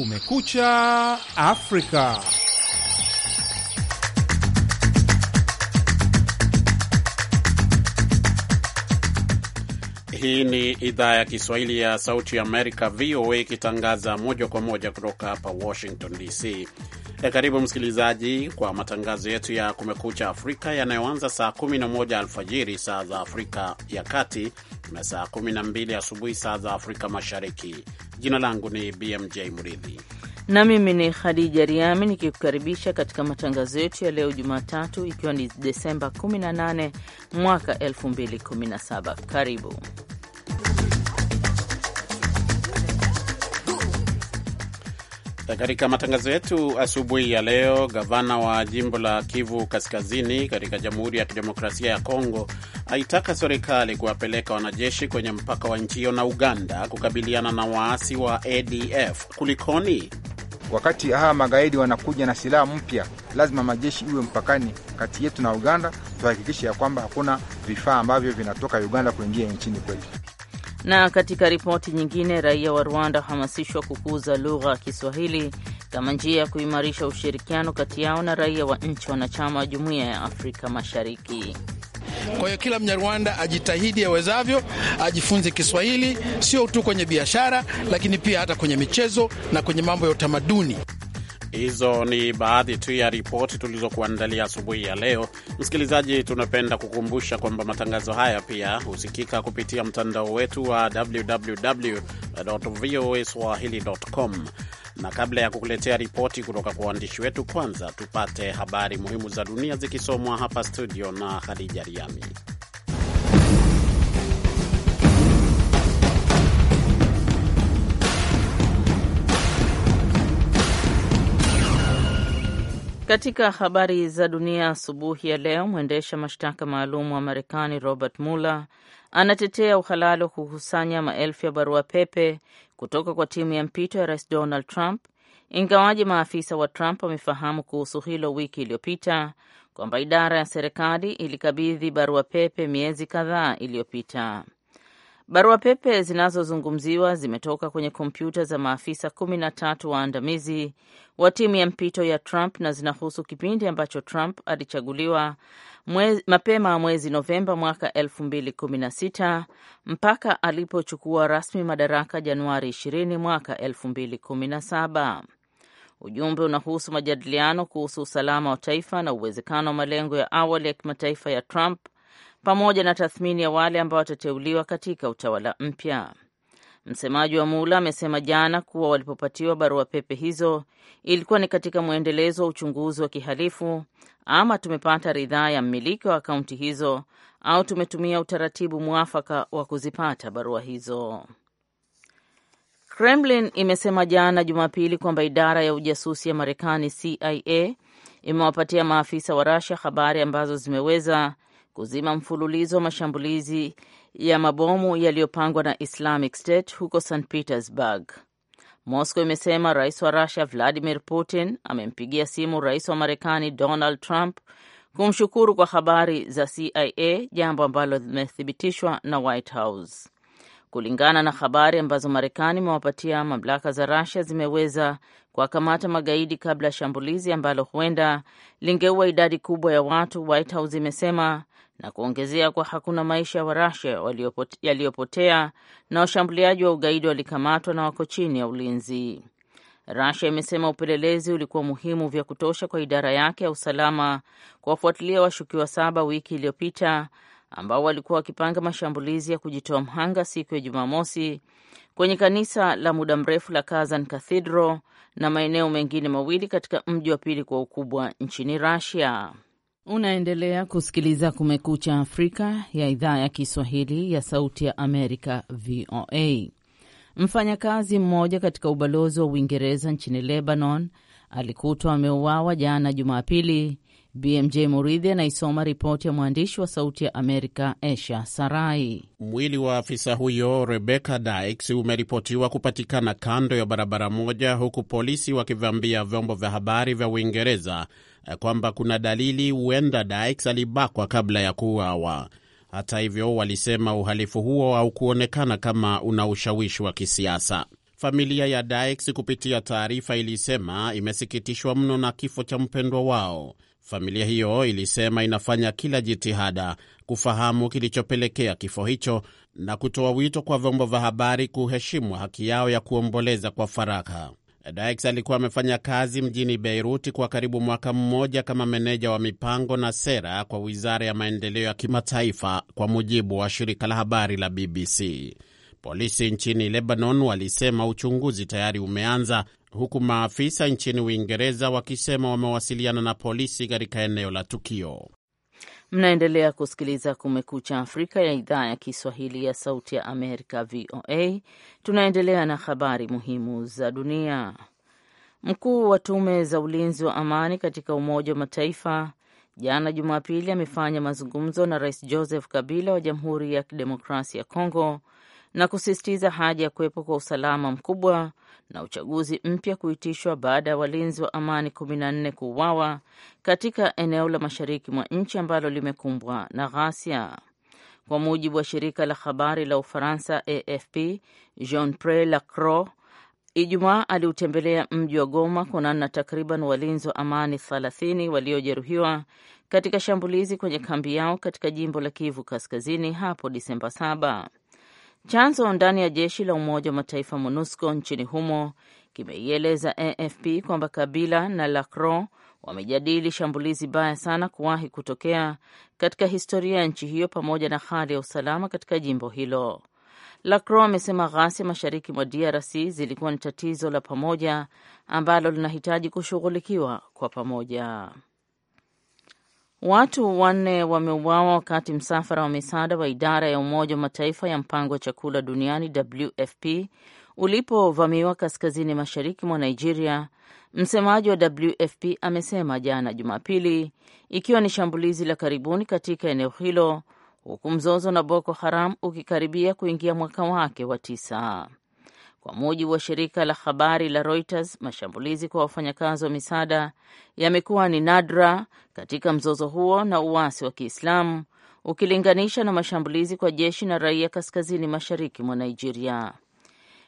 Kumekucha Afrika. Hii ni idhaa ya Kiswahili ya Sauti ya Amerika, VOA, ikitangaza moja kwa moja kutoka hapa Washington DC. E, karibu msikilizaji kwa matangazo yetu ya Kumekucha Afrika yanayoanza saa 11 alfajiri saa za Afrika ya Kati na saa 12 asubuhi saa za Afrika Mashariki. Jina langu ni BMJ Mridhi na mimi ni Khadija Riami nikikukaribisha katika matangazo yetu ya leo Jumatatu, ikiwa ni Desemba 18 mwaka 2017. Karibu Katika matangazo yetu asubuhi ya leo, gavana wa jimbo la Kivu Kaskazini katika Jamhuri ya Kidemokrasia ya Kongo aitaka serikali kuwapeleka wanajeshi kwenye mpaka wa nchi hiyo na Uganda kukabiliana na waasi wa ADF. Kulikoni? Wakati hawa magaidi wanakuja na silaha mpya, lazima majeshi iwe mpakani kati yetu na Uganda, tuhakikishe ya kwamba hakuna vifaa ambavyo vinatoka Uganda kuingia nchini kwetu. Na katika ripoti nyingine, raia wa Rwanda wahamasishwa kukuza lugha ya Kiswahili kama njia ya kuimarisha ushirikiano kati yao na raia wa nchi wanachama wa Jumuiya ya Afrika Mashariki. Kwa hiyo kila Mnyarwanda ajitahidi awezavyo ajifunze Kiswahili, sio tu kwenye biashara, lakini pia hata kwenye michezo na kwenye mambo ya utamaduni. Hizo ni baadhi tu ya ripoti tulizokuandalia asubuhi ya leo. Msikilizaji, tunapenda kukumbusha kwamba matangazo haya pia husikika kupitia mtandao wetu wa www.voaswahili.com. Na kabla ya kukuletea ripoti kutoka kwa waandishi wetu, kwanza tupate habari muhimu za dunia zikisomwa hapa studio na Khadija Riami. Katika habari za dunia asubuhi ya leo, mwendesha mashtaka maalum wa Marekani Robert Mueller anatetea uhalali wa kukusanya maelfu ya barua pepe kutoka kwa timu ya mpito ya Rais Donald Trump, ingawaji maafisa wa Trump wamefahamu kuhusu hilo wiki iliyopita kwamba idara ya serikali ilikabidhi barua pepe miezi kadhaa iliyopita. Barua pepe zinazozungumziwa zimetoka kwenye kompyuta za maafisa kumi na tatu waandamizi wa timu ya mpito ya Trump na zinahusu kipindi ambacho Trump alichaguliwa mwezi, mapema mwezi Novemba mwaka elfu mbili kumi na sita mpaka alipochukua rasmi madaraka Januari ishirini mwaka elfu mbili kumi na saba. Ujumbe unahusu majadiliano kuhusu usalama wa taifa na uwezekano wa malengo ya awali ya kimataifa ya Trump pamoja na tathmini ya wale ambao watateuliwa katika utawala mpya. Msemaji wa Mula amesema jana kuwa walipopatiwa barua pepe hizo ilikuwa ni katika mwendelezo wa uchunguzi wa kihalifu, ama tumepata ridhaa ya mmiliki wa akaunti hizo au tumetumia utaratibu mwafaka wa kuzipata barua hizo. Kremlin imesema jana Jumapili kwamba idara ya ujasusi ya Marekani CIA imewapatia maafisa wa rasia habari ambazo zimeweza kuzima mfululizo wa mashambulizi ya mabomu yaliyopangwa na Islamic State huko St Petersburg. Moscow imesema rais wa rusia Vladimir Putin amempigia simu rais wa Marekani Donald Trump kumshukuru kwa habari za CIA, jambo ambalo limethibitishwa na White House. Kulingana na habari ambazo Marekani imewapatia mamlaka za rasia zimeweza kuwakamata magaidi kabla ya shambulizi ambalo huenda lingeua idadi kubwa ya watu, White House imesema na kuongezea kwa hakuna maisha ya rasia yaliyopotea na washambuliaji wa ugaidi walikamatwa na wako chini ya ulinzi. rasia imesema upelelezi ulikuwa muhimu vya kutosha kwa idara yake ya usalama kuwafuatilia washukiwa saba wiki iliyopita ambao walikuwa wakipanga mashambulizi ya kujitoa mhanga siku ya Jumamosi kwenye kanisa la muda mrefu la Kazan Cathedral na maeneo mengine mawili katika mji wa pili kwa ukubwa nchini Russia. Unaendelea kusikiliza Kumekucha Afrika ya idhaa ya Kiswahili ya Sauti ya Amerika, VOA. Mfanyakazi mmoja katika ubalozi wa Uingereza nchini Lebanon alikutwa ameuawa jana Jumapili BMJ Muridhi anaisoma ripoti ya mwandishi wa Sauti ya Amerika Asia Sarai. Mwili wa afisa huyo Rebecca Dykes umeripotiwa kupatikana kando ya barabara moja, huku polisi wakivambia vyombo vya habari vya Uingereza eh, kwamba kuna dalili huenda Dykes alibakwa kabla ya kuuawa. Hata hivyo, walisema uhalifu huo haukuonekana kama una ushawishi wa kisiasa. Familia ya Dykes kupitia taarifa ilisema imesikitishwa mno na kifo cha mpendwa wao. Familia hiyo ilisema inafanya kila jitihada kufahamu kilichopelekea kifo hicho na kutoa wito kwa vyombo vya habari kuheshimu haki yao ya kuomboleza kwa faraka. Dax alikuwa amefanya kazi mjini Beiruti kwa karibu mwaka mmoja kama meneja wa mipango na sera kwa wizara ya maendeleo ya kimataifa, kwa mujibu wa shirika la habari la BBC. Polisi nchini Lebanon walisema uchunguzi tayari umeanza huku maafisa nchini Uingereza wakisema wamewasiliana na polisi katika eneo la tukio. Mnaendelea kusikiliza Kumekucha Afrika ya idhaa ya Kiswahili ya Sauti ya Amerika, VOA. Tunaendelea na habari muhimu za dunia. Mkuu wa tume za ulinzi wa amani katika Umoja wa Mataifa jana Jumapili amefanya mazungumzo na Rais Joseph Kabila wa Jamhuri ya Kidemokrasia ya Kongo na kusisitiza haja ya kuwepo kwa usalama mkubwa na uchaguzi mpya kuitishwa baada ya walinzi wa amani 14 kuuawa katika eneo la mashariki mwa nchi ambalo limekumbwa na ghasia. Kwa mujibu wa shirika la habari la Ufaransa AFP, jean Pre Lacroix Ijumaa aliutembelea mji wa Goma kuonana na takriban walinzi wa amani 30 waliojeruhiwa katika shambulizi kwenye kambi yao katika jimbo la Kivu Kaskazini hapo Disemba 7. Chanzo ndani ya jeshi la Umoja wa Mataifa MONUSCO nchini humo kimeieleza AFP kwamba Kabila na Lacron wamejadili shambulizi baya sana kuwahi kutokea katika historia ya nchi hiyo pamoja na hali ya usalama katika jimbo hilo. Lacron amesema ghasia mashariki mwa DRC zilikuwa ni tatizo la pamoja ambalo linahitaji kushughulikiwa kwa pamoja. Watu wanne wameuawa wakati msafara wa misaada wa idara ya Umoja wa Mataifa ya mpango wa chakula duniani WFP ulipovamiwa kaskazini mashariki mwa Nigeria. Msemaji wa WFP amesema jana Jumapili, ikiwa ni shambulizi la karibuni katika eneo hilo, huku mzozo na Boko Haram ukikaribia kuingia mwaka wake wa tisa. Kwa mujibu wa shirika la habari la Reuters, mashambulizi kwa wafanyakazi wa misaada yamekuwa ni nadra katika mzozo huo na uasi wa Kiislamu ukilinganisha na mashambulizi kwa jeshi na raia kaskazini mashariki mwa Nigeria.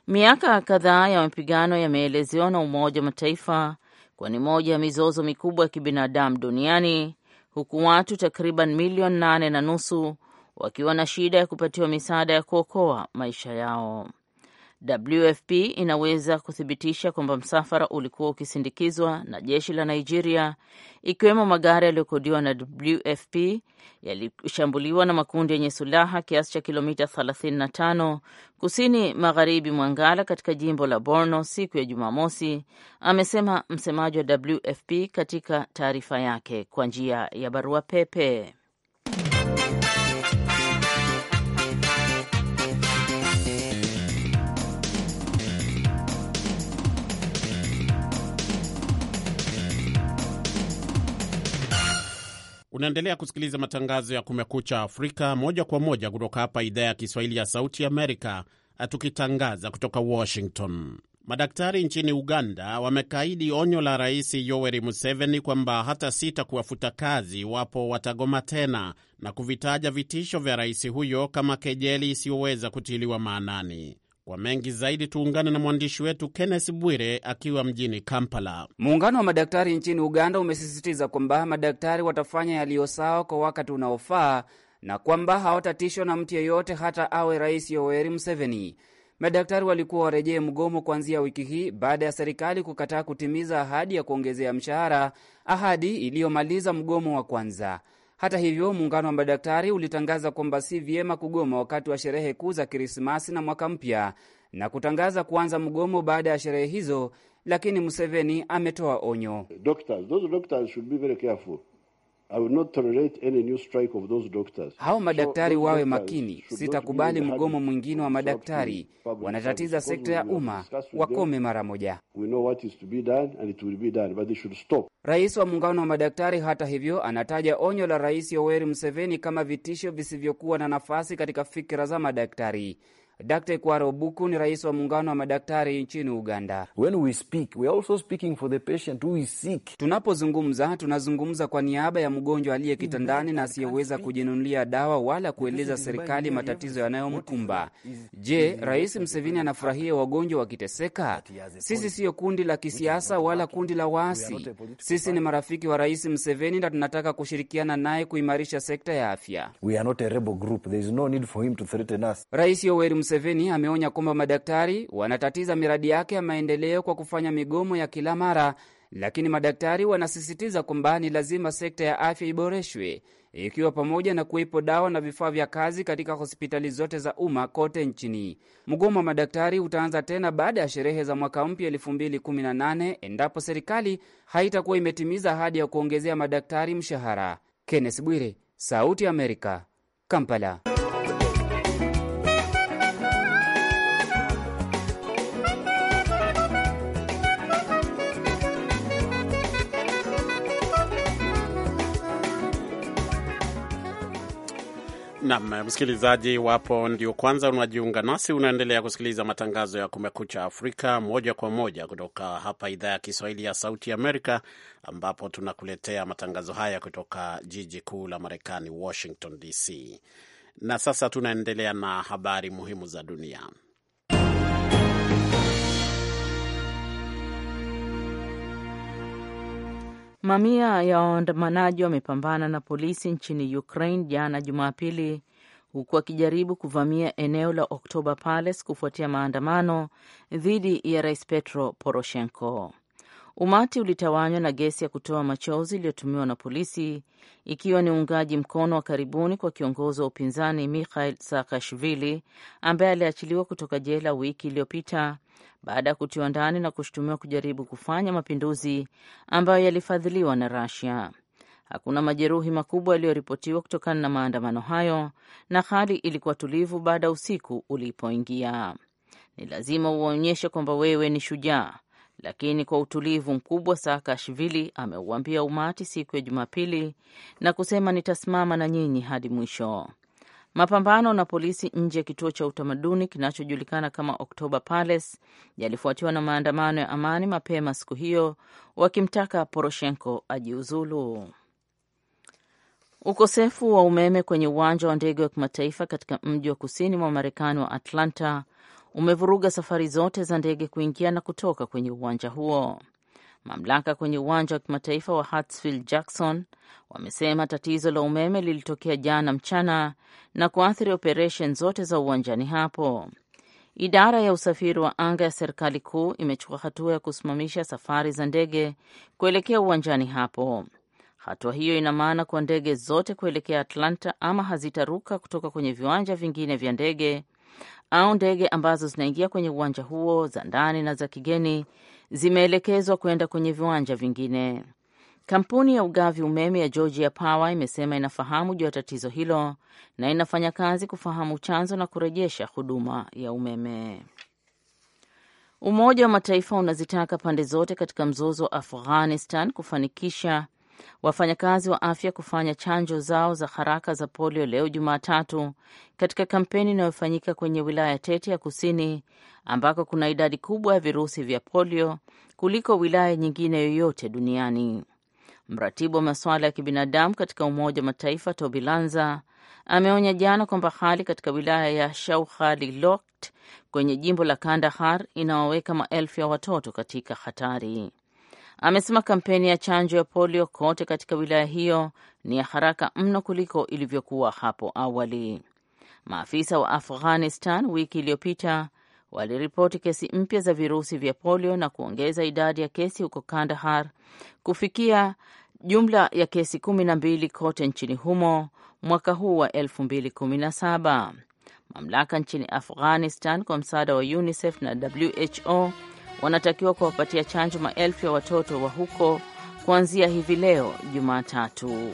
Miaka kadhaa ya mapigano yameelezewa na Umoja wa Mataifa kuwa ni moja ya mizozo mikubwa ya kibinadamu duniani, huku watu takriban milioni nane na nusu wakiwa na shida ya kupatiwa misaada ya kuokoa maisha yao. WFP inaweza kuthibitisha kwamba msafara ulikuwa ukisindikizwa na jeshi la Nigeria, ikiwemo magari yaliyokodiwa na WFP yalishambuliwa na makundi yenye silaha kiasi cha kilomita 35 kusini magharibi mwa Ngala katika jimbo la Borno siku ya Jumamosi, amesema msemaji wa WFP katika taarifa yake kwa njia ya barua pepe. Unaendelea kusikiliza matangazo ya Kumekucha Afrika moja kwa moja kutoka hapa idhaa ya Kiswahili ya Sauti Amerika, tukitangaza kutoka Washington. Madaktari nchini Uganda wamekaidi onyo la Rais Yoweri Museveni kwamba hata sita kuwafuta kazi iwapo watagoma tena na kuvitaja vitisho vya rais huyo kama kejeli isiyoweza kutiliwa maanani. Kwa mengi zaidi tuungane na mwandishi wetu Kenneth Bwire akiwa mjini Kampala. Muungano wa madaktari nchini Uganda umesisitiza kwamba madaktari watafanya yaliyo sawa kwa wakati unaofaa na kwamba hawatatishwa na mtu yeyote, hata awe Rais Yoweri Museveni. Madaktari walikuwa warejee mgomo kuanzia wiki hii baada ya serikali kukataa kutimiza ahadi ya kuongezea mshahara, ahadi iliyomaliza mgomo wa kwanza. Hata hivyo, muungano wa madaktari ulitangaza kwamba si vyema kugoma wakati wa sherehe kuu za Krismasi na mwaka mpya na kutangaza kuanza mgomo baada ya sherehe hizo, lakini Museveni ametoa onyo doctors, I will not tolerate any new strike of those doctors. Hao madaktari so, wawe makini, sitakubali mgomo mwingine wa madaktari. Wanatatiza sekta ya umma, wakome mara moja. Rais wa muungano wa madaktari, hata hivyo, anataja onyo la Rais Yoweri Museveni kama vitisho visivyokuwa na nafasi katika fikira za madaktari. Dr. Kwaro Buku ni rais wa muungano wa madaktari nchini Uganda. When we speak, we are also speaking for the patient who is sick. Tunapozungumza tunazungumza kwa niaba ya mgonjwa aliye kitandani na asiyeweza kujinunulia dawa wala kueleza serikali matatizo yanayomkumba. Je, Rais Mseveni anafurahia wagonjwa wakiteseka? Sisi siyo kundi la kisiasa wala kundi la waasi. Sisi ni marafiki wa Rais Mseveni na tunataka kushirikiana naye kuimarisha sekta ya afya. We are not a rebel group. There is no need for him to threaten us. Rais Yoweri Museveni ameonya kwamba madaktari wanatatiza miradi yake ya maendeleo kwa kufanya migomo ya kila mara, lakini madaktari wanasisitiza kwamba ni lazima sekta ya afya iboreshwe, ikiwa pamoja na kuwepo dawa na vifaa vya kazi katika hospitali zote za umma kote nchini. Mgomo wa madaktari utaanza tena baada ya sherehe za mwaka mpya 2018 endapo serikali haitakuwa imetimiza ahadi ya kuongezea madaktari mshahara. Kenneth Bwire, Sauti ya Amerika, Kampala. Nam msikilizaji wapo ndio kwanza unajiunga nasi, unaendelea kusikiliza matangazo ya Kumekucha Afrika moja kwa moja kutoka hapa idhaa ya Kiswahili ya Sauti Amerika, ambapo tunakuletea matangazo haya kutoka jiji kuu la Marekani, Washington DC. Na sasa tunaendelea na habari muhimu za dunia. Mamia ya waandamanaji wamepambana na polisi nchini Ukraine jana Jumapili, huku akijaribu kuvamia eneo la Oktoba Palace kufuatia maandamano dhidi ya rais Petro Poroshenko. Umati ulitawanywa na gesi ya kutoa machozi iliyotumiwa na polisi, ikiwa ni uungaji mkono wa karibuni kwa kiongozi wa upinzani Mikhail Saakashvili ambaye aliachiliwa kutoka jela wiki iliyopita baada ya kutiwa ndani na kushutumiwa kujaribu kufanya mapinduzi ambayo yalifadhiliwa na rasia Hakuna majeruhi makubwa yaliyoripotiwa kutokana na maandamano hayo, na hali ilikuwa tulivu baada ya usiku ulipoingia. Ni lazima uwaonyeshe kwamba wewe ni shujaa, lakini kwa utulivu mkubwa, Saakashvili ameuambia umati siku ya Jumapili na kusema, nitasimama na nyinyi hadi mwisho. Mapambano na polisi nje ya kituo cha utamaduni kinachojulikana kama Oktoba Palace yalifuatiwa na maandamano ya amani mapema siku hiyo wakimtaka Poroshenko ajiuzulu. Ukosefu wa umeme kwenye uwanja wa ndege wa kimataifa katika mji wa kusini mwa Marekani wa Atlanta umevuruga safari zote za ndege kuingia na kutoka kwenye uwanja huo. Mamlaka kwenye uwanja wa kimataifa wa Hartsfield Jackson wamesema tatizo la umeme lilitokea jana mchana na kuathiri operesheni zote za uwanjani hapo. Idara ya usafiri wa anga ya serikali kuu imechukua hatua ya kusimamisha safari za ndege kuelekea uwanjani hapo. Hatua hiyo ina maana kuwa ndege zote kuelekea Atlanta ama hazitaruka kutoka kwenye viwanja vingine vya ndege au ndege ambazo zinaingia kwenye uwanja huo za ndani na za kigeni zimeelekezwa kwenda kwenye viwanja vingine. Kampuni ya ugavi umeme ya Georgia Power imesema inafahamu juu ya tatizo hilo na inafanya kazi kufahamu chanzo na kurejesha huduma ya umeme. Umoja wa Mataifa unazitaka pande zote katika mzozo wa Afghanistan kufanikisha wafanyakazi wa afya kufanya chanjo zao za haraka za polio leo Jumatatu, katika kampeni inayofanyika kwenye wilaya tete ya kusini ambako kuna idadi kubwa ya virusi vya polio kuliko wilaya nyingine yoyote duniani. Mratibu wa masuala ya kibinadamu katika Umoja wa Mataifa Toby Lanza ameonya jana kwamba hali katika wilaya ya Shaukhali Lokt kwenye jimbo la Kandahar inawaweka maelfu ya watoto katika hatari amesema kampeni ya chanjo ya polio kote katika wilaya hiyo ni ya haraka mno kuliko ilivyokuwa hapo awali. Maafisa wa Afghanistan wiki iliyopita waliripoti kesi mpya za virusi vya polio na kuongeza idadi ya kesi huko Kandahar kufikia jumla ya kesi kumi na mbili kote nchini humo mwaka huu wa elfu mbili kumi na saba. Mamlaka nchini Afghanistan kwa msaada wa UNICEF na WHO wanatakiwa kuwapatia chanjo maelfu ya watoto wa huko kuanzia hivi leo Jumatatu.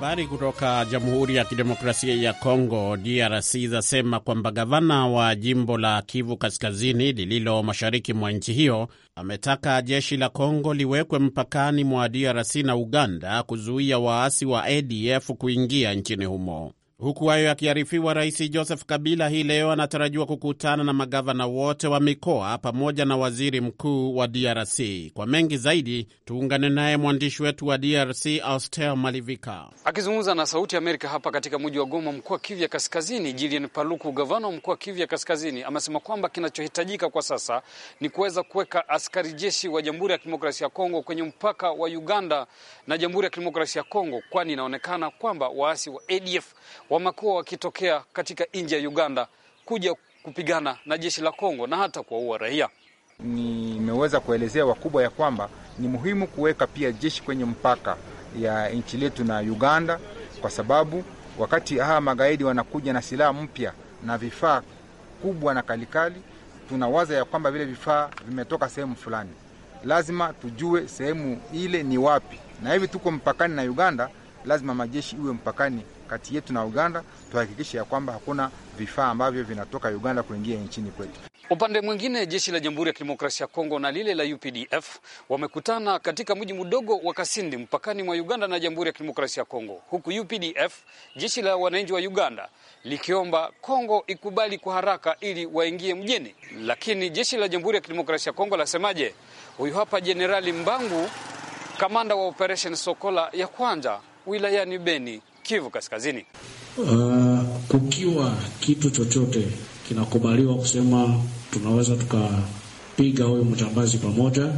Habari kutoka Jamhuri ya Kidemokrasia ya Kongo, DRC, zasema kwamba gavana wa jimbo la Kivu Kaskazini lililo mashariki mwa nchi hiyo ametaka jeshi la Kongo liwekwe mpakani mwa DRC na Uganda kuzuia waasi wa ADF kuingia nchini humo. Huku hayo yakiarifiwa, Rais Joseph Kabila hii leo anatarajiwa kukutana na magavana wote wa mikoa pamoja na waziri mkuu wa DRC. Kwa mengi zaidi, tuungane naye mwandishi wetu wa DRC Austel Malivika akizungumza na Sauti Amerika hapa katika mji wa Goma, mkoa wa Kivu ya Kaskazini. Julian Paluku, gavana wa mkoa wa Kivu ya Kaskazini, amesema kwamba kinachohitajika kwa sasa ni kuweza kuweka askari jeshi wa Jamhuri ya Kidemokrasia ya Kongo kwenye mpaka wa Uganda na Jamhuri ya Kidemokrasia ya Kongo, kwani inaonekana kwamba waasi wa ADF wamekuwa wakitokea katika nchi ya Uganda kuja kupigana na jeshi la Kongo na hata kuwaua raia. Nimeweza kuelezea wakubwa ya kwamba ni muhimu kuweka pia jeshi kwenye mpaka ya nchi letu na Uganda, kwa sababu wakati hawa magaidi wanakuja na silaha mpya na vifaa kubwa na kalikali, tunawaza ya kwamba vile vifaa vimetoka sehemu fulani. Lazima tujue sehemu ile ni wapi, na hivi tuko mpakani na Uganda lazima majeshi iwe mpakani kati yetu na Uganda, tuhakikishe ya kwamba hakuna vifaa ambavyo vinatoka Uganda kuingia nchini kwetu. Upande mwingine, jeshi la Jamhuri ya Kidemokrasia ya Kongo na lile la UPDF wamekutana katika mji mdogo wa Kasindi mpakani mwa Uganda na Jamhuri ya Kidemokrasia ya Kongo, huku UPDF, jeshi la wananchi wa Uganda, likiomba Kongo ikubali kwa haraka ili waingie mjini. Lakini jeshi la Jamhuri ya Kidemokrasia ya Kongo lasemaje? Huyu hapa Jenerali Mbangu, kamanda wa Operation Sokola ya kwanza wilayani Beni, Kivu Kaskazini. Uh, kukiwa kitu chochote kinakubaliwa kusema tunaweza tukapiga huyo mjambazi pamoja,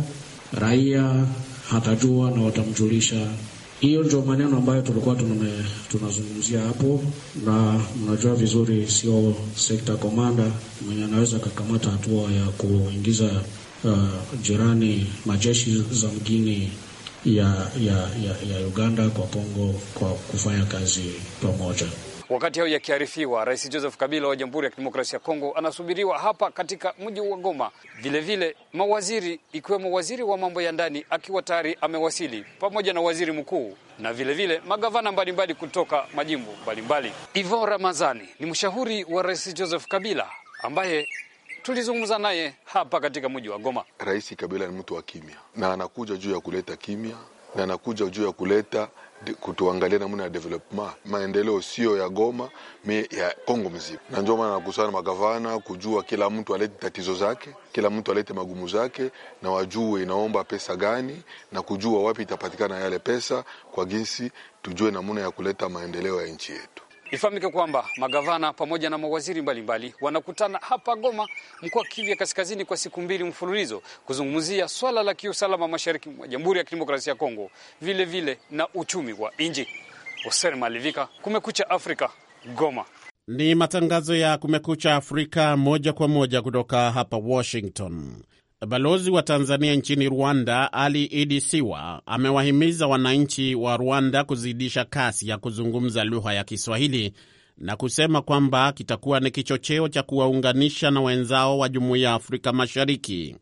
raia hatajua na watamjulisha. Hiyo ndio maneno ambayo tulikuwa tunazungumzia hapo, na mnajua vizuri, sio sekta komanda mwenye anaweza akakamata hatua ya kuingiza uh, jirani majeshi za mgini ya, ya, ya, ya Uganda kwa Kongo kwa kufanya kazi pamoja. Wakati hayo yakiarifiwa, Rais Joseph Kabila wa Jamhuri ya Kidemokrasia ya Kongo anasubiriwa hapa katika mji wa Goma. Vilevile mawaziri ikiwemo waziri wa mambo ya ndani akiwa tayari amewasili pamoja na waziri mkuu na vilevile vile, magavana mbalimbali kutoka majimbo mbalimbali. Ivon Ramazani ni mshauri wa Rais Joseph Kabila ambaye tulizungumza naye hapa katika mji wa Goma. Rais Kabila ni mtu wa kimya na anakuja juu ya kuleta kimya na anakuja juu ya kuleta kutuangalia namna ya development maendeleo sio ya Goma me ya Kongo mzima, na ndio maana nakusana magavana kujua kila mtu alete tatizo zake, kila mtu alete magumu zake, na wajue inaomba pesa gani na kujua wapi itapatikana yale pesa, kwa jinsi tujue namna ya kuleta maendeleo ya nchi yetu. Ifahamike kwamba magavana pamoja na mawaziri mbalimbali mbali wanakutana hapa Goma, mkoa wa Kivu ya Kaskazini, kwa siku mbili mfululizo kuzungumzia swala la kiusalama mashariki mwa Jamhuri ya Kidemokrasia ya Kongo, vile vile na uchumi wa nji Hoser Malivika, Kumekucha Afrika, Goma. Ni matangazo ya Kumekucha Afrika moja kwa moja kutoka hapa Washington. Balozi wa Tanzania nchini Rwanda, Ali Idi Siwa, amewahimiza wananchi wa Rwanda kuzidisha kasi ya kuzungumza lugha ya Kiswahili na kusema kwamba kitakuwa ni kichocheo cha kuwaunganisha na wenzao wa Jumuiya ya Afrika Mashariki.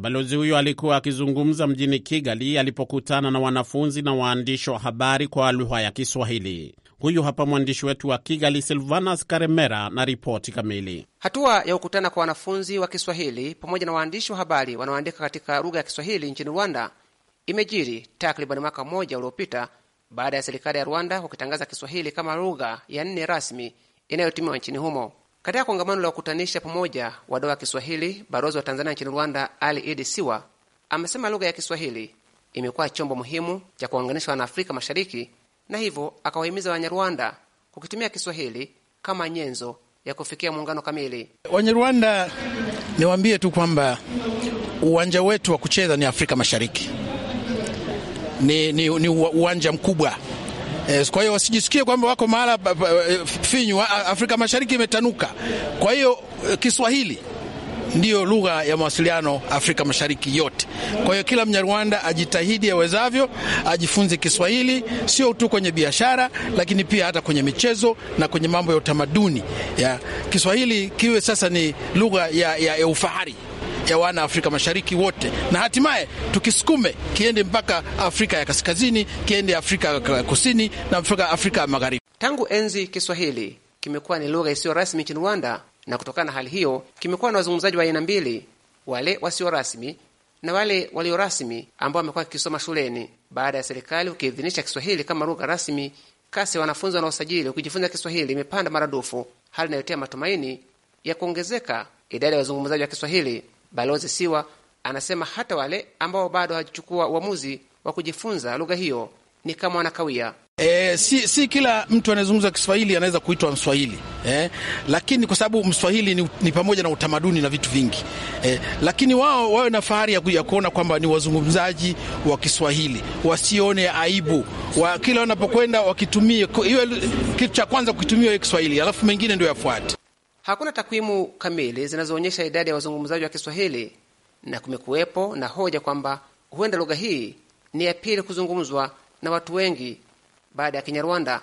Balozi huyo alikuwa akizungumza mjini Kigali alipokutana na wanafunzi na waandishi wa habari kwa lugha ya Kiswahili. Huyu hapa mwandishi wetu wa Kigali, Silvanas Karemera, na ripoti kamili. Hatua ya kukutana kwa wanafunzi wa Kiswahili pamoja na waandishi wa habari wanaoandika katika lugha ya Kiswahili nchini Rwanda imejiri takribani mwaka mmoja uliopita baada ya serikali ya Rwanda kukitangaza Kiswahili kama lugha ya nne rasmi inayotumiwa nchini humo. Katika kongamano la kukutanisha pamoja wadau wa Kiswahili, balozi wa Tanzania nchini Rwanda Ali Idi Siwa amesema lugha ya Kiswahili imekuwa chombo muhimu cha kuwaunganisha Wanaafrika Mashariki na hivyo akawahimiza Wanyarwanda kukitumia Kiswahili kama nyenzo ya kufikia muungano kamili. Wanyarwanda, niwaambie tu kwamba uwanja wetu wa kucheza ni Afrika Mashariki, ni, ni, ni uwanja mkubwa eh, kwa hiyo wasijisikie kwamba wako mahala eh, finyu. Afrika Mashariki imetanuka, kwa hiyo eh, Kiswahili ndiyo lugha ya mawasiliano Afrika Mashariki yote. Kwa hiyo kila Mnyarwanda ajitahidi awezavyo, ajifunze Kiswahili sio tu kwenye biashara, lakini pia hata kwenye michezo na kwenye mambo ya utamaduni ya Kiswahili kiwe sasa ni lugha ya, ya, ya ufahari ya wana Afrika Mashariki wote na hatimaye tukisukume kiende mpaka Afrika ya Kaskazini, kiende Afrika ya Kusini na mpaka Afrika ya Magharibi. Tangu enzi Kiswahili kimekuwa ni lugha isiyo rasmi nchini Rwanda, na kutokana na hali hiyo kimekuwa na wazungumzaji wa aina mbili, wale wasio rasmi na wale walio rasmi ambao wamekuwa wakisoma shuleni. Baada ya serikali kukiidhinisha Kiswahili kama lugha rasmi, kasi ya wanafunzi wanaosajili kujifunza Kiswahili imepanda maradufu, hali inayotia matumaini ya kuongezeka idadi ya wazungumzaji wa Kiswahili. Balozi Siwa anasema hata wale ambao bado hawajachukua uamuzi wa kujifunza lugha hiyo ni kama wanakawia. E, si, si kila mtu anayezungumza Kiswahili anaweza kuitwa Mswahili eh, lakini kwa sababu Mswahili ni, ni pamoja na utamaduni na vitu vingi eh, lakini wao wawe na fahari ya kuona kwamba ni wazungumzaji wa Kiswahili, wasione aibu wa, kila wanapokwenda wakitumie iwe kitu cha kwanza kukitumia Kiswahili, alafu mengine ndio yafuate. Hakuna takwimu kamili zinazoonyesha idadi ya wazungumzaji wa Kiswahili na kumekuwepo na hoja kwamba huenda lugha hii ni ya pili kuzungumzwa na watu wengi baada ya Kinyarwanda,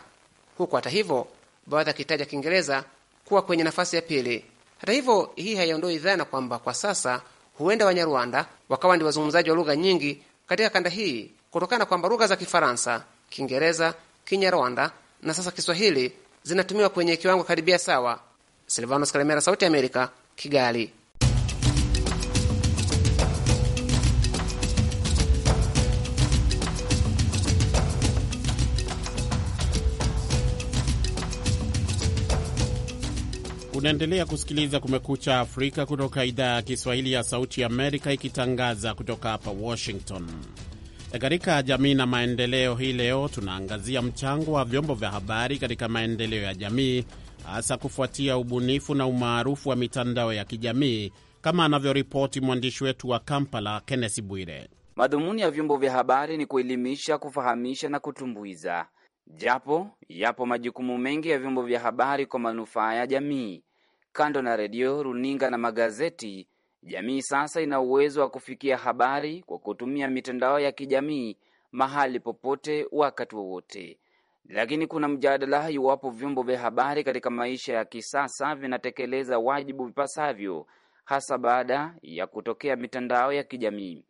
huku hata hivyo baadhi akitaja Kiingereza kuwa kwenye nafasi ya pili. Hata hivyo, hii haiondoi dhana kwamba kwa sasa huenda Wanyarwanda wakawa ndio wazungumzaji wa lugha nyingi katika kanda hii kutokana na kwamba lugha za Kifaransa, Kiingereza, Kinyarwanda na sasa Kiswahili zinatumiwa kwenye kiwango karibia sawa. Silvanos Kalemera, Sauti ya Amerika, Kigali. Unaendelea kusikiliza Kumekucha Afrika kutoka idhaa ya Kiswahili ya Sauti Amerika, ikitangaza kutoka hapa Washington. E, katika jamii na maendeleo, hii leo tunaangazia mchango wa vyombo vya habari katika maendeleo ya jamii, hasa kufuatia ubunifu na umaarufu wa mitandao ya kijamii, kama anavyoripoti mwandishi wetu wa Kampala, kennesi Bwire. Madhumuni ya vyombo vya habari ni kuelimisha, kufahamisha na kutumbuiza, japo yapo majukumu mengi ya vyombo vya habari kwa manufaa ya jamii. Kando na redio, runinga na magazeti, jamii sasa ina uwezo wa kufikia habari kwa kutumia mitandao ya kijamii mahali popote, wakati wowote. Lakini kuna mjadala iwapo vyombo vya habari katika maisha ya kisasa vinatekeleza wajibu vipasavyo, hasa baada ya kutokea mitandao ya kijamii.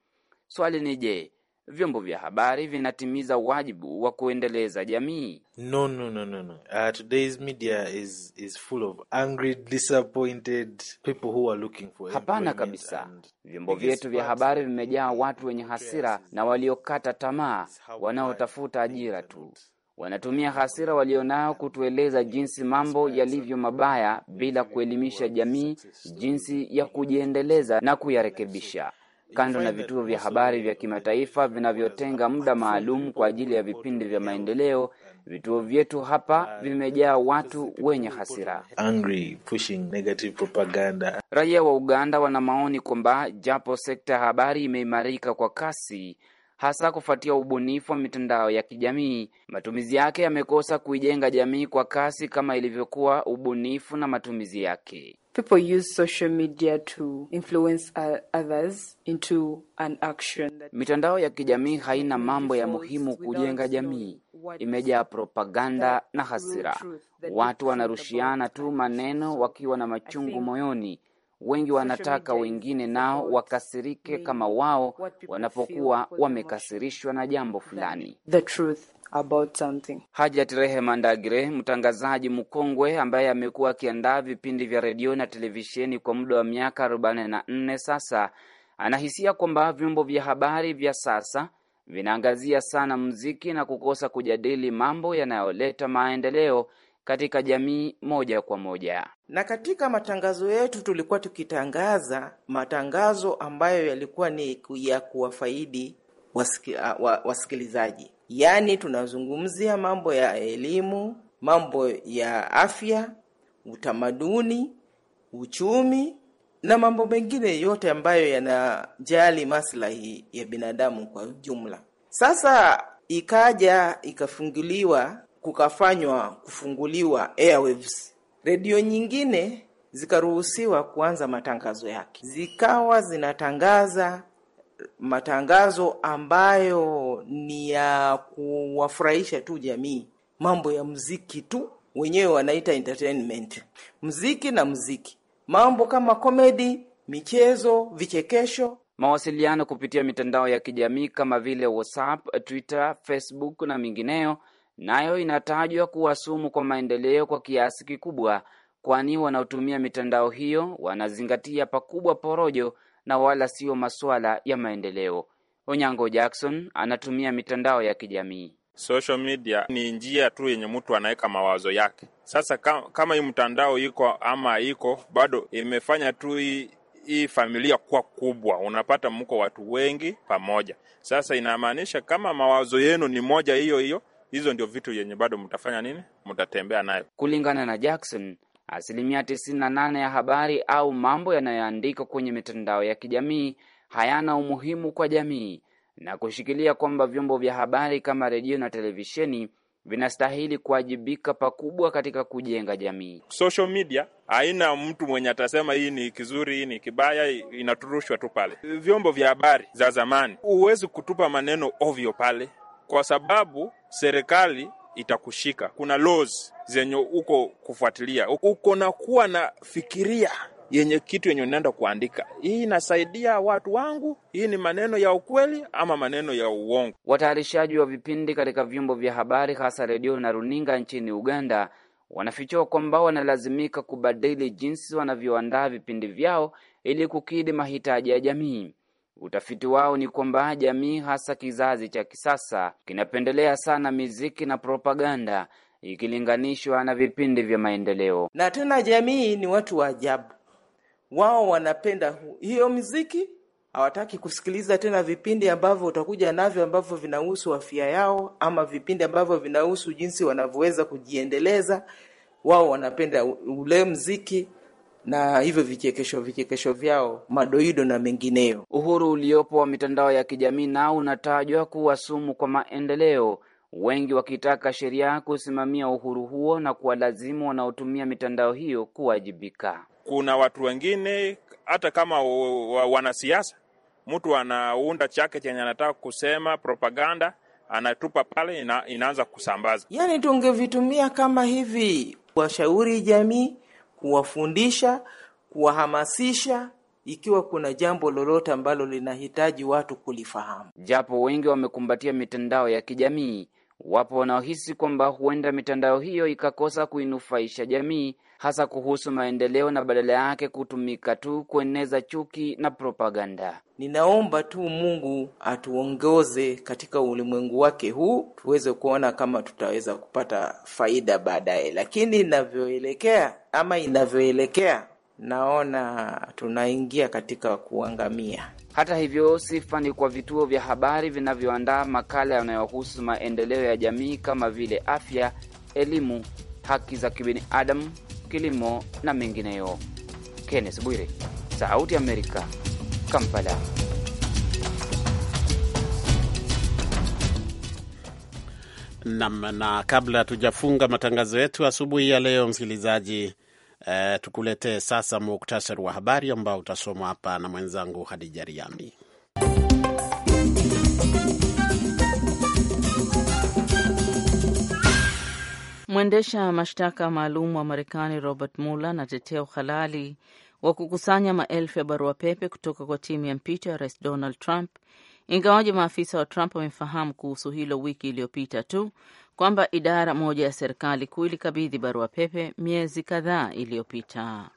Swali ni je, vyombo vya habari vinatimiza wajibu wa kuendeleza jamii. No, no, no, no, no. Uh, today's media is, is full of angry, disappointed people who are looking for. Hapana kabisa, vyombo vyetu vya habari vimejaa watu wenye hasira na waliokata tamaa, wanaotafuta ajira tu. Wanatumia hasira walionayo kutueleza jinsi mambo yalivyo mabaya, bila kuelimisha jamii jinsi ya kujiendeleza na kuyarekebisha kando na vituo vya habari vya kimataifa vinavyotenga muda maalum kwa ajili ya vipindi vya maendeleo, vituo vyetu hapa vimejaa watu wenye hasira angry, pushing negative propaganda. Raia wa Uganda wana maoni kwamba japo sekta ya habari imeimarika kwa kasi hasa kufuatia ubunifu wa mitandao ya kijamii, matumizi yake yamekosa kuijenga jamii kwa kasi kama ilivyokuwa ubunifu na matumizi yake people use social media to influence others into an action that... Mitandao ya kijamii haina mambo ya muhimu kujenga jamii, imejaa propaganda na hasira. Watu wanarushiana tu maneno wakiwa na machungu moyoni. Wengi wanataka wengine nao wakasirike kama wao wanapokuwa wamekasirishwa na jambo fulani. The truth about something. Hajat Rehema Ndagire, mtangazaji mkongwe ambaye amekuwa akiandaa vipindi vya redio na televisheni kwa muda wa miaka 44 sasa, anahisia kwamba vyombo vya habari vya sasa vinaangazia sana muziki na kukosa kujadili mambo yanayoleta maendeleo katika jamii moja kwa moja. Na katika matangazo yetu tulikuwa tukitangaza matangazo ambayo yalikuwa ni ya kuwafaidi wasiki, wasikilizaji yaani tunazungumzia mambo ya elimu, mambo ya afya, utamaduni, uchumi na mambo mengine yote ambayo yanajali maslahi ya binadamu kwa jumla. Sasa ikaja ikafunguliwa, kukafanywa kufunguliwa airwaves, redio nyingine zikaruhusiwa kuanza matangazo yake, zikawa zinatangaza matangazo ambayo ni ya kuwafurahisha tu jamii, mambo ya mziki tu, wenyewe wanaita entertainment, mziki na mziki, mambo kama komedi, michezo, vichekesho mawasiliano kupitia mitandao ya kijamii kama vile WhatsApp, Twitter, Facebook na mingineyo, nayo inatajwa kuwa sumu kwa maendeleo kwa kiasi kikubwa, kwani wanaotumia mitandao hiyo wanazingatia pakubwa porojo na wala siyo masuala ya maendeleo. Onyango Jackson anatumia mitandao ya kijamii. Social media ni njia tu yenye mtu anaweka mawazo yake. Sasa kama hii mtandao iko ama iko bado, imefanya tu hii hii familia kuwa kubwa, unapata mko watu wengi pamoja. Sasa inamaanisha kama mawazo yenu ni moja hiyo hiyo, hizo ndio vitu yenye bado mtafanya nini, mtatembea nayo. Kulingana na Jackson, Asilimia 98 ya habari au mambo yanayoandikwa kwenye mitandao ya kijamii hayana umuhimu kwa jamii na kushikilia kwamba vyombo vya habari kama redio na televisheni vinastahili kuwajibika pakubwa katika kujenga jamii. Social media haina mtu mwenye atasema hii ni kizuri, hii ni kibaya, inaturushwa tu pale. Vyombo vya habari za zamani huwezi kutupa maneno ovyo pale, kwa sababu serikali itakushika. Kuna laws zenye uko kufuatilia, uko na kuwa na fikiria yenye kitu yenye unaenda kuandika, hii inasaidia watu wangu, hii ni maneno ya ukweli ama maneno ya uongo. Watayarishaji wa vipindi katika vyombo vya habari hasa redio na runinga nchini Uganda wanafichua kwamba wanalazimika kubadili jinsi wanavyoandaa vipindi vyao ili kukidhi mahitaji ya jamii. Utafiti wao ni kwamba jamii hasa kizazi cha kisasa kinapendelea sana miziki na propaganda ikilinganishwa na vipindi vya maendeleo. Na tena jamii ni watu wa ajabu, wao wanapenda hiyo miziki, hawataki kusikiliza tena vipindi ambavyo utakuja navyo ambavyo vinahusu afya yao ama vipindi ambavyo vinahusu jinsi wanavyoweza kujiendeleza. Wao wanapenda ule mziki na hivyo vichekesho vichekesho vyao madoido na mengineyo. Uhuru uliopo wa mitandao ya kijamii nao unatajwa kuwa sumu kwa maendeleo, wengi wakitaka sheria kusimamia uhuru huo na kuwalazimu wanaotumia mitandao hiyo kuwajibika. Kuna watu wengine hata kama wanasiasa, mtu anaunda chake chenye anataka kusema propaganda, anatupa pale, ina, inaanza kusambaza. Yani tungevitumia kama hivi, washauri jamii kuwafundisha, kuwahamasisha ikiwa kuna jambo lolote ambalo linahitaji watu kulifahamu. Japo wengi wamekumbatia mitandao ya kijamii, wapo wanaohisi kwamba huenda mitandao hiyo ikakosa kuinufaisha jamii hasa kuhusu maendeleo na badala yake kutumika tu kueneza chuki na propaganda. Ninaomba tu Mungu atuongoze katika ulimwengu wake huu, tuweze kuona kama tutaweza kupata faida baadaye, lakini inavyoelekea ama inavyoelekea naona tunaingia katika kuangamia. Hata hivyo, sifa ni kwa vituo vya habari vinavyoandaa makala yanayohusu maendeleo ya jamii kama vile afya, elimu, haki za kibinadamu, kilimo na mengineyo. Kenneth Bwire, Sauti ya Amerika, Kampala. Nam, na kabla tujafunga matangazo yetu asubuhi ya leo, msikilizaji, eh, tukuletee sasa muktasari wa habari ambao utasomwa hapa na mwenzangu Hadija Riami. Mwendesha mashtaka maalum wa Marekani Robert Mueller anatetea uhalali wa kukusanya maelfu ya barua pepe kutoka kwa timu ya mpito ya Rais Donald Trump, ingawaje maafisa wa Trump wamefahamu kuhusu hilo wiki iliyopita tu kwamba idara moja ya serikali kuu ilikabidhi barua pepe miezi kadhaa iliyopita.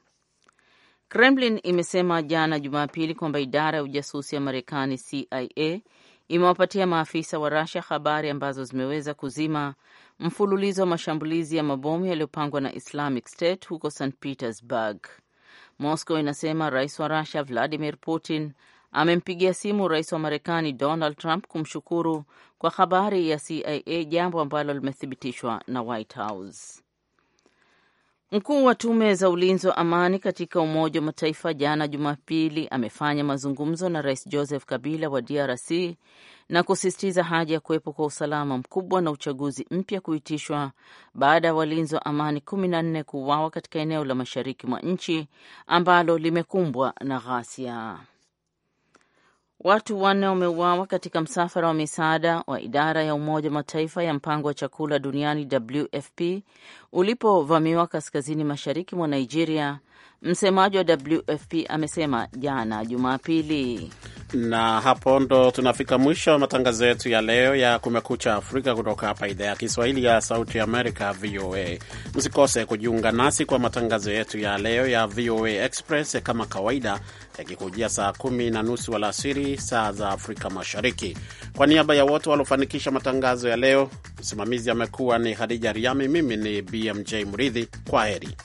Kremlin imesema jana Jumapili kwamba idara ya ujasusi ya Marekani CIA imewapatia maafisa wa rasia habari ambazo zimeweza kuzima mfululizo wa mashambulizi ya mabomu yaliyopangwa na Islamic State huko St Petersburg. Moscow inasema rais wa Rusia Vladimir Putin amempigia simu rais wa Marekani Donald Trump kumshukuru kwa habari ya CIA, jambo ambalo limethibitishwa na White House. Mkuu wa tume za ulinzi wa amani katika Umoja wa Mataifa jana Jumapili amefanya mazungumzo na Rais Joseph Kabila wa DRC na kusisitiza haja ya kuwepo kwa usalama mkubwa na uchaguzi mpya kuitishwa baada ya walinzi wa amani kumi na nne kuuawa katika eneo la mashariki mwa nchi ambalo limekumbwa na ghasia. Watu wanne wameuawa katika msafara wa misaada wa idara ya Umoja wa Mataifa ya mpango wa chakula duniani WFP ulipovamiwa kaskazini mashariki mwa Nigeria msemaji wa WFP amesema jana Jumapili. Na hapo ndo tunafika mwisho wa matangazo yetu ya leo ya Kumekucha Afrika kutoka hapa idhaa ya Kiswahili ya Sauti ya Amerika, VOA. Msikose kujiunga nasi kwa matangazo yetu ya leo ya VOA Express kama kawaida, yakikujia saa kumi na nusu alasiri saa za Afrika Mashariki. Kwa niaba ya wote waliofanikisha matangazo ya leo, msimamizi amekuwa ni Hadija Riami, mimi ni BMJ mridhi Kwa heri.